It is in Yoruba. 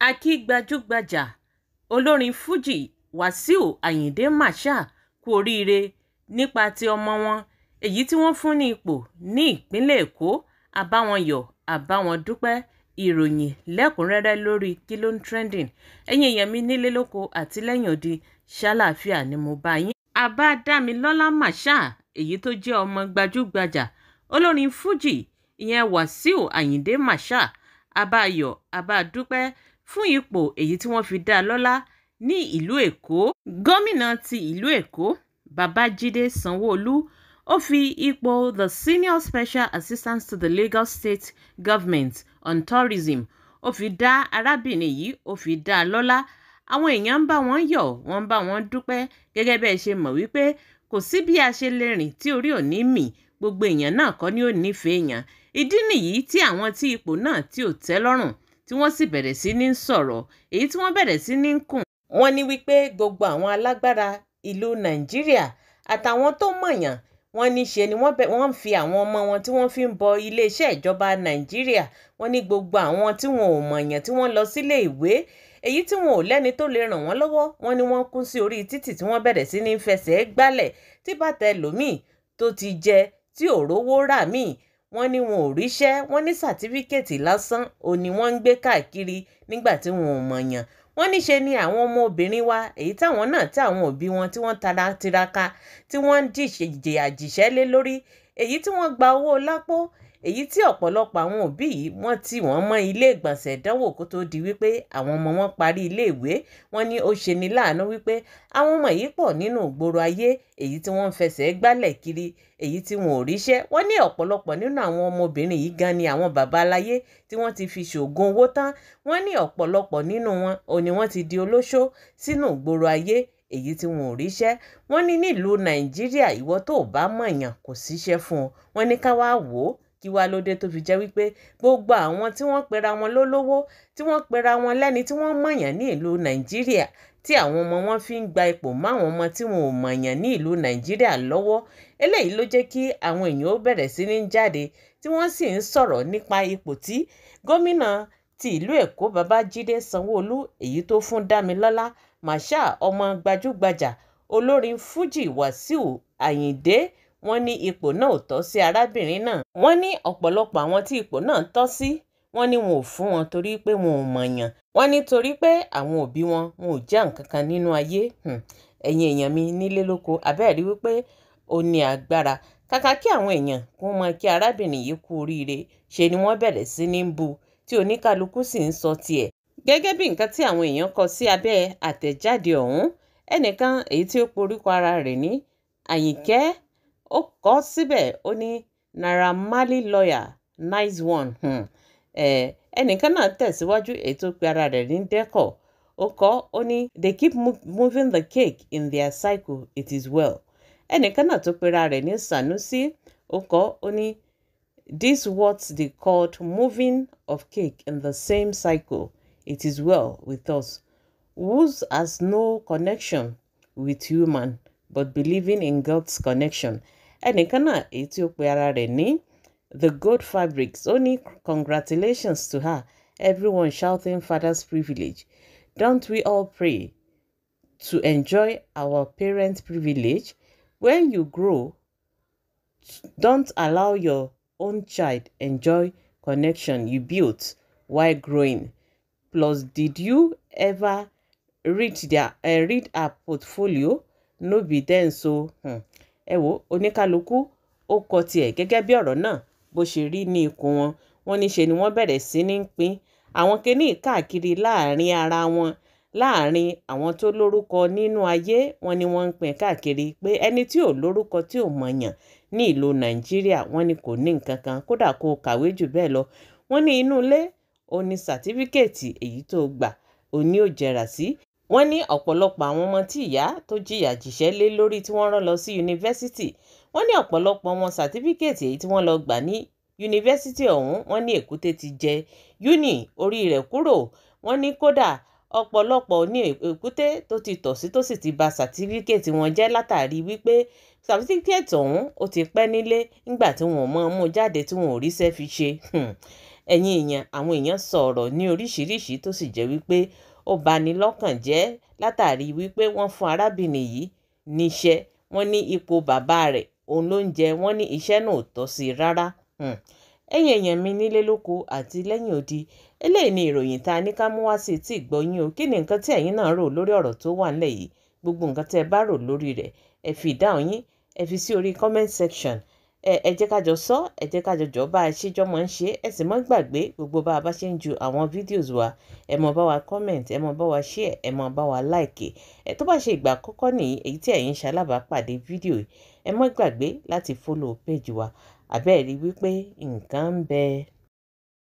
akí gbajúgbajà olórin fuji wàsíù àyìndé marshal kú oríire nípa ti ọmọ wọn èyí tí wọ́n fún ní ipò ní ìpínlẹ̀ èkó àbáwọnyọ̀ àbáwọndúpẹ́ ìròyìn lẹ́kùnrẹ́rẹ́ lórí kí trending ẹ̀yin èèyàn mi nílé lóko àti lẹ́yìn odi ṣàlàáfíà ni mo bá yín. àbá dámilọ́lá marshal èyí tó jẹ́ ọmọ gbajúgbajà olórin fuji ìyẹn wàsíù àyìndé marshal àbáyọ̀ àbádúpẹ́ fún ipò èyí tí wọ́n fi dá a lọ́lá ní ìlú èkó gómìnà ti ìlú èkó babájídé sanwóolu ó fi ipò the senior special assistant to the lagos state government on tourism ó fi dá arábìnrin yìí ó fi dá a lọ́lá àwọn èèyàn ń bá wọn yọ̀ wọ́n ń bá wọn dúpẹ́ gẹ́gẹ́ bẹ́ẹ̀ ṣe mọ̀ wípé kò sí bí a ṣe lè rìn tí orí ò ní mì gbogbo èèyàn náà kọ́ ni ó nífẹ̀ẹ́ èèyàn ìdí nìyí tí àwọn tí ipò náà tí ò tẹ́ lọ́rùn tí wọ́n sì bẹ̀rẹ̀ sí ní sọ̀rọ̀ èyí tí wọ́n bẹ̀rẹ̀ sí ní kùn. wọ́n ní wípé gbogbo àwọn alágbára ìlú nàìjíríà àtàwọn tó mọ̀yàn wọ́n ní ṣe ni wọ́n ń fi àwọn ọmọ wọn tí wọ́n fi ń bọ iléeṣẹ́ ìjọba nàìjíríà wọ́n ní gbogbo àwọn tí wọn ò mọ̀yàn tí wọ́n lọ sílé ìwé èyí tí wọn ò lẹ́ni tó lè ràn wọ́n lọ́wọ́ wọ́n ní wọ́n kún sí orí títì tí wọ́n bẹ̀rẹ̀ sí ní fẹsẹ̀ gbálẹ̀ tí bàtà ẹlòmíì tó ti jẹ tí ò rà míì wọ́n ní wọn ò ríṣẹ́ wọ́n ní sàtífíkẹ́ẹ̀tì lásán ò ní wọ́n ń gbé káàkiri nígbà tí wọn ò mọ̀yàn wọ́n níṣe ni àwọn ọmọbìnrin wa èyí táwọn náà tí àwọn òbí wọn tí wọ́n tara tiraka tí wọ́n ń díje àjìṣẹ́ lé lórí èyí tí wọ́n gba owó lápò èyí tí ọ̀pọ̀lọpọ̀ àwọn òbí yìí wọ́n tì wọ́n mọ́ ilé ìgbọ̀nsẹ̀ ìdánwò kó tó di wípé àwọn ọmọ wọn parí ilé ìwé wọ́n ní ó ṣe ni láàánú wípé àwọn ọmọ yìí pọ̀ nínú ìgboro ayé èyí tí wọ́n ń fẹsẹ̀ gbálẹ̀ kiri èyí tí wọn ò ríṣẹ́ wọ́n ní ọ̀pọ̀lọpọ̀ nínú àwọn ọmọbìnrin yìí gan ni àwọn bàbá aláyé tí wọ́n ti fi ṣògùn owó tán wọ́n ní ọ̀pọ̀lọpọ̀ nínú wọn òní wọ́n ti di olóṣó sínú ìgboro ayé èyí tí wọn ò ríṣẹ́ wọ́n ní nílùú nàìjíríà ìwọ tó o bá mọ̀yàn kò síṣẹ́ fún ọ wọ́n ní ká wá wò ó kí wá lóde tó fi jẹ́ wípé gbogbo àwọn tí wọ́n pera wọn lólówó tí wọ́n pera wọn lẹ́ni tí wọ́n mọ̀yàn ní ìlú nàìjíríà tí àwọn ọmọ wọn fi ń gba ipò máwọn ọmọ tí wọn ò mọ̀yàn ní ìlú nàìjíríà lọ́wọ́ eléyìí ló jẹ́ kí àwọn èèyàn ó bẹ̀rẹ̀ sí ní jáde tí wọ́n sì ń sọ̀rọ̀ nípa ipò tí gómìnà ti ìlú èkó babájídé sanwóolu èyí tó fún dámilọ́lá màṣá ọmọ gbajúgbajà olórin fuji wàsíù àyìndé wọ́n ní ipò náà ò tọ́ sí arábìnrin náà wọ́n ní ọ̀pọ̀lọpọ̀ àwọn tí ipò náà tọ́ sí wọ́n ní wọn ò fún wọn torí pé wọn ò mọ̀yàn wọ́n ní torí pé àwọn òbí wọn wọn ò já nǹkan kan nínú ayé hmm. ẹ̀yin èèyàn mi nílé lóko abẹ́ẹ̀rí wípé ó ní agbára kàkà kí àwọn èèyàn kó mọ kí arábìnrin yìí kú oríire ṣe ni wọ́n bẹ̀rẹ̀ sí ní bu tí oníkálukú sì ń sọ tiẹ̀ gẹ́gẹ́ bí nǹkan tí àwọn èèyàn kọ sí abẹ́ àtẹ̀jáde ọ̀hún ẹnìkan èyí tí ó porúkọ ara rẹ̀ ní àyìnkẹ́ ó kọ ọ́ síbẹ̀ ó ní naira marley lawyer nice one um ẹnìkan náà tẹ̀síwájú ètò pé ara rẹ̀ ní dẹ́kọ̀ ó kọ ó ní they keep moving the cake in their cycle it is well ẹnìkan náà tó pera rẹ̀ ní sanusi ó kọ ó ní this what they called moving of cake in the same cycle it is well with us whose has no connection with human but believing in God's connection ẹnìkan náà èyí tí ó pe ara rẹ̀ ní the gold fabrics ó ní congratulations to her everyone shouting father's privilege don't we all pray to enjoy our parents' privilege when you grow don't allow your own child enjoy connection you built while growing plus did you ever read their uh, read her portfolio no be then so. Hmm ẹ wo oníkálukú ó kọ tiẹ̀ gẹ́gẹ́ bí ọ̀rọ̀ náà bó ṣe rí ní ikùn wọn wọn níṣe ni wọ́n bẹ̀rẹ̀ sí ní pín àwọn kinní káàkiri láàrin ara wọn láàrin àwọn tó lórúkọ nínú ayé wọn ni wọ́n ń pín káàkiri pé ẹni tí ò lórúkọ tí ò mọ̀yàn ní ìlú nàìjíríà wọ́n ní kò ní nǹkan kan kódà kó o kàwé jù bẹ́ẹ̀ lọ wọ́n ní inú ilé o ní èyí tó gbà o ò jẹrà sí wọ́n ní ọ̀pọ̀lọpọ̀ àwọn ọmọ tí ìyá tó jìyà jìṣẹ́ lé lórí tí wọ́n rán lọ sí yunifásitì wọ́n ní ọ̀pọ̀lọpọ̀ wọn sàtífíkẹ́ẹ̀tì èyí tí wọ́n lọ gbà ní yunifásitì ọ̀hún wọ́n ní èkúté ti jẹ yúnì orí rẹ̀ kúrò wọ́n ní kódà ọ̀pọ̀lọpọ̀ ní èkúté tó ti tọ̀ sí tó sì ti bà sàtífíkẹ́ẹ̀tì wọn jẹ́ látàrí wípé sàtífíkẹ́ẹ̀tì ọ̀hún ó ti pẹ́ nílé nígbà tí wọn ò mú jáde tí wọn ò ríṣẹ́ fi ṣe hmm ẹ̀yin èèyàn àwọn èèyàn sọ̀rọ̀ ní oríṣiríṣi tó sì jẹ́ wípé ó bani lọ́kàn jẹ́ látàrí wípé wọ́n fún arábìnrin yìí níṣẹ́ wọ́n ní ipò bàbá rẹ̀ òun ló ń jẹ wọ́n ní iṣẹ́ náà tọ́ sí i rárá hmm. ẹ̀yin èèyàn mi nílé lóko àti lẹ́yìn odi eléyìí ni ìròyìn tá a ní ká mú wá sí tí ìgbọ́yìn o kí ni nǹkan tí ẹ̀yin náà rò lórí ọ̀rọ̀ tó wà ńlẹ̀ yìí gbogbo nǹkan tẹ́ ẹ bá rò lórí rẹ̀ ẹ fi ìdáhùn yín ẹ fi sí orí comment section ẹ jẹ́ ká jọ sọ ẹ jẹ́ ká jọ jọ bá ẹ ṣe jọ mọ̀ ń ṣe ẹ sì mọ́ gbàgbé gbogbo bá a bá ṣe ń ju àwọn fídíòs wa ẹ mọ bá wa comment ẹ mọ bá wa share ẹ mọ bá wa like ẹ tó bá ṣe ìgbà àkọ́kọ́ nìyí èyí tí ẹ̀yin ṣalábàápàdé fídíò ẹ mọ́ gbàgbé láti follow page wa àbẹ́ẹ̀rí wípé nǹkan ń bẹ